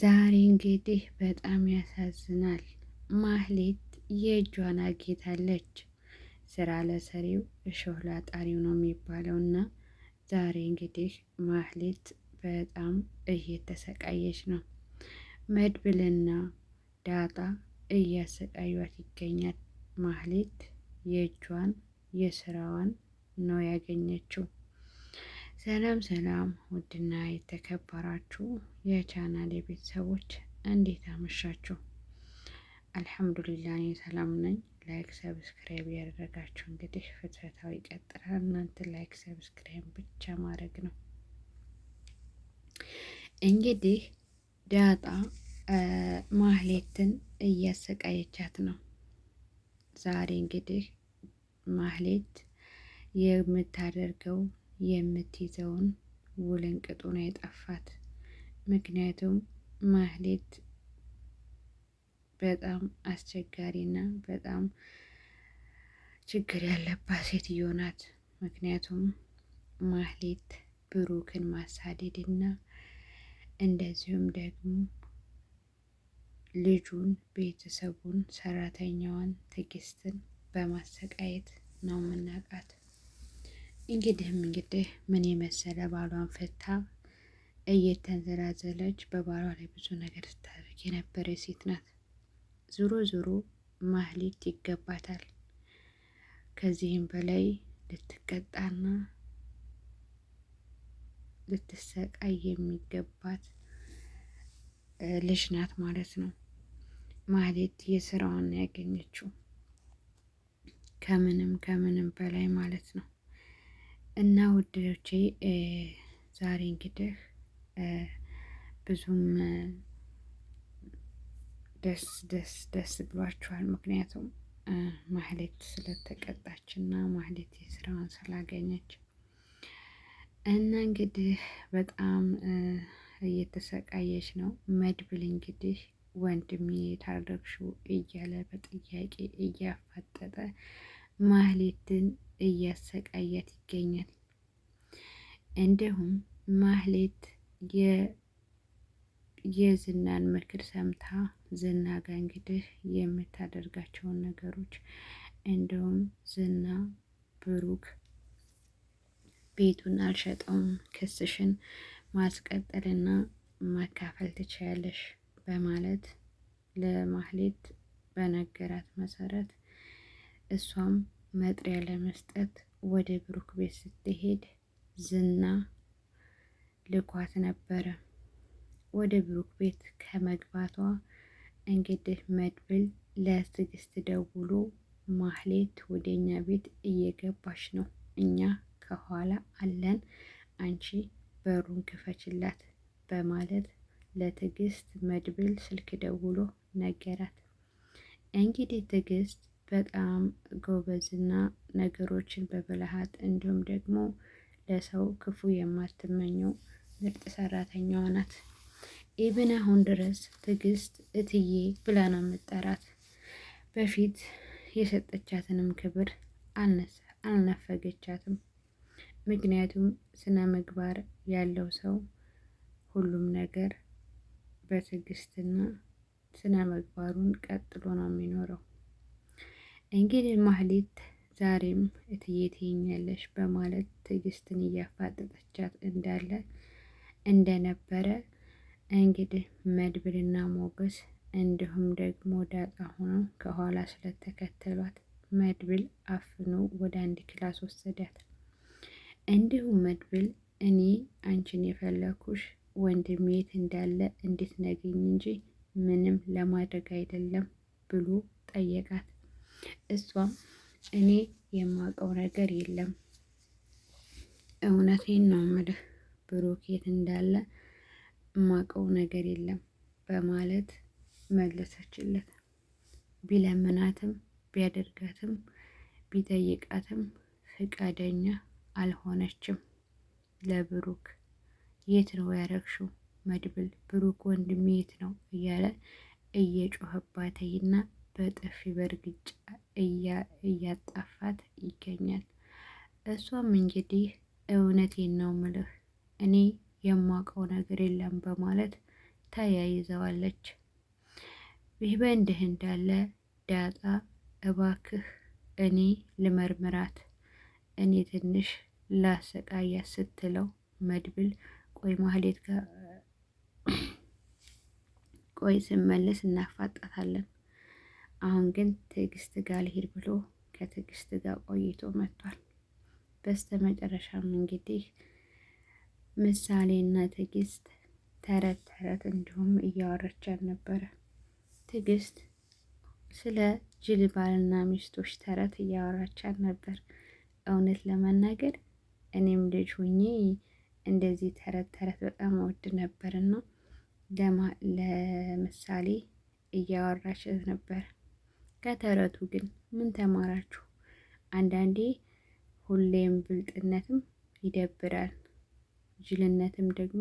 ዛሬ እንግዲህ በጣም ያሳዝናል። ማህሌት የእጇን አጌታለች። ስራ ለሰሪው እሾህ ላጣሪው ነው የሚባለው እና ዛሬ እንግዲህ ማህሌት በጣም እየተሰቃየች ነው። መድብልና ዳጣ እያሰቃዩት ይገኛል። ማህሌት የእጇን የስራዋን ነው ያገኘችው። ሰላም ሰላም ውድና የተከበራችሁ የቻናል የቤተሰቦች እንዴት አመሻችሁ? አልሐምዱሊላ እኔ ሰላም ነኝ። ላይክ ሰብስክራይብ ያደረጋችሁ እንግዲህ ፍትረታዊ ይቀጥላል። እናንተ ላይክ ሰብስክራይብ ብቻ ማድረግ ነው። እንግዲህ ዳጣ ማህሌትን እያሰቃየቻት ነው። ዛሬ እንግዲህ ማህሌት የምታደርገው የምትይዘውን ውልን ነው የጠፋት። ምክንያቱም ማህሌት በጣም አስቸጋሪና በጣም ችግር ያለባት ሴትዮ ናት። ምክንያቱም ማህሌት ብሩክን ማሳደድና እንደዚሁም ደግሞ ልጁን፣ ቤተሰቡን፣ ሰራተኛዋን ትግስትን በማሰቃየት ነው የምናውቃት። እንግዲህም እንግዲህ ምን የመሰለ ባሏን ፈታ እየተንዘላዘለች በባሏ ላይ ብዙ ነገር ስታደርግ የነበረ ሴት ናት። ዞሮ ዞሮ ማህሌት ይገባታል። ከዚህም በላይ ልትቀጣና ልትሰቃይ የሚገባት ልጅ ናት ማለት ነው። ማህሌት የስራዋን ያገኘችው ከምንም ከምንም በላይ ማለት ነው። እና ውዶቼ ዛሬ እንግዲህ ብዙም ደስ ደስ ደስ ብሏችኋል። ምክንያቱም ማህሌት ስለተቀጣች እና ማህሌት የስራዋን ስላገኘች እና እንግዲህ በጣም እየተሰቃየች ነው። መድብል እንግዲህ ወንድሜ የታረግሽው እያለ በጥያቄ እያፋጠጠ ማህሌትን እያሰቃያት ይገኛል። እንዲሁም ማህሌት የዝናን ምክር ሰምታ ዝና ጋር እንግዲህ የምታደርጋቸውን ነገሮች እንዲሁም ዝና ብሩክ ቤቱን አልሸጠውም፣ ክስሽን ማስቀጠልና መካፈል ትችያለሽ በማለት ለማህሌት በነገራት መሰረት እሷም መጥሪያ ለመስጠት ወደ ብሩክ ቤት ስትሄድ ዝና ልኳት ነበረ። ወደ ብሩክ ቤት ከመግባቷ እንግዲህ መድብል ለትዕግስት ደውሎ ማህሌት ወደኛ ቤት እየገባች ነው፣ እኛ ከኋላ አለን፣ አንቺ በሩን ክፈችላት በማለት ለትዕግስት መድብል ስልክ ደውሎ ነገራት። እንግዲህ ትዕግስት በጣም ጎበዝና ነገሮችን በብልሃት እንዲሁም ደግሞ ለሰው ክፉ የማትመኘው ምርጥ ሰራተኛዋ ናት። ኢብን አሁን ድረስ ትዕግስት እትዬ ብላ ነው የምጠራት። በፊት የሰጠቻትንም ክብር አልነፈገቻትም። ምክንያቱም ስነ ምግባር ያለው ሰው ሁሉም ነገር በትዕግስትና ስነ ምግባሩን ቀጥሎ ነው የሚኖረው። እንግዲህ ማህሌት ዛሬም እትዬ ትይኛለሽ በማለት ትዕግስትን እያፋጠጠቻት እንዳለ እንደነበረ እንግዲህ መድብልና ሞገስ እንዲሁም ደግሞ ዳጣ ሆኖ ከኋላ ስለተከተሏት መድብል አፍኖ ወደ አንድ ክላስ ወሰዳት። እንዲሁም መድብል እኔ አንቺን የፈለኩሽ ወንድም የት እንዳለ እንዴት ነግኝ እንጂ ምንም ለማድረግ አይደለም ብሎ ጠየቃት። እሷም እኔ የማውቀው ነገር የለም። እውነቴን ነው የምልህ ብሩክ የት እንዳለ የማውቀው ነገር የለም በማለት መለሰችለት። ቢለምናትም ቢያደርጋትም ቢጠይቃትም ፈቃደኛ አልሆነችም። ለብሩክ የት ነው ያረግሽው መድብል ብሩክ ወንድሜ የት ነው እያለ እየጮኸባተይና በጥፊ በእርግጫ እያጣፋት ይገኛል። እሷም እንግዲህ እውነቴን ነው ምልህ እኔ የማውቀው ነገር የለም በማለት ተያይዘዋለች። ይህ በእንዲህ እንዳለ ዳጣ እባክህ እኔ ልመርምራት፣ እኔ ትንሽ ላሰቃያ ስትለው መድብል ቆይ ማህሌት ጋር ቆይ ስመለስ እናፋጣታለን አሁን ግን ትዕግስት ጋር ልሄድ ብሎ ከትዕግስት ጋር ቆይቶ መጥቷል። በስተ መጨረሻም እንግዲህ ምሳሌና ትዕግስት ተረት ተረት እንዲሁም እያወረች ነበረ። ትዕግስት ስለ ጅል ባልና ሚስቶች ተረት እያወራች ነበር። እውነት ለመናገር እኔም ልጅ ሁኜ እንደዚህ ተረት ተረት በጣም ነበር ነበርና ለምሳሌ እያወራች ነበር። ከተረቱ ግን ምን ተማራችሁ? አንዳንዴ ሁሌም ብልጥነትም ይደብራል፣ ጅልነትም ደግሞ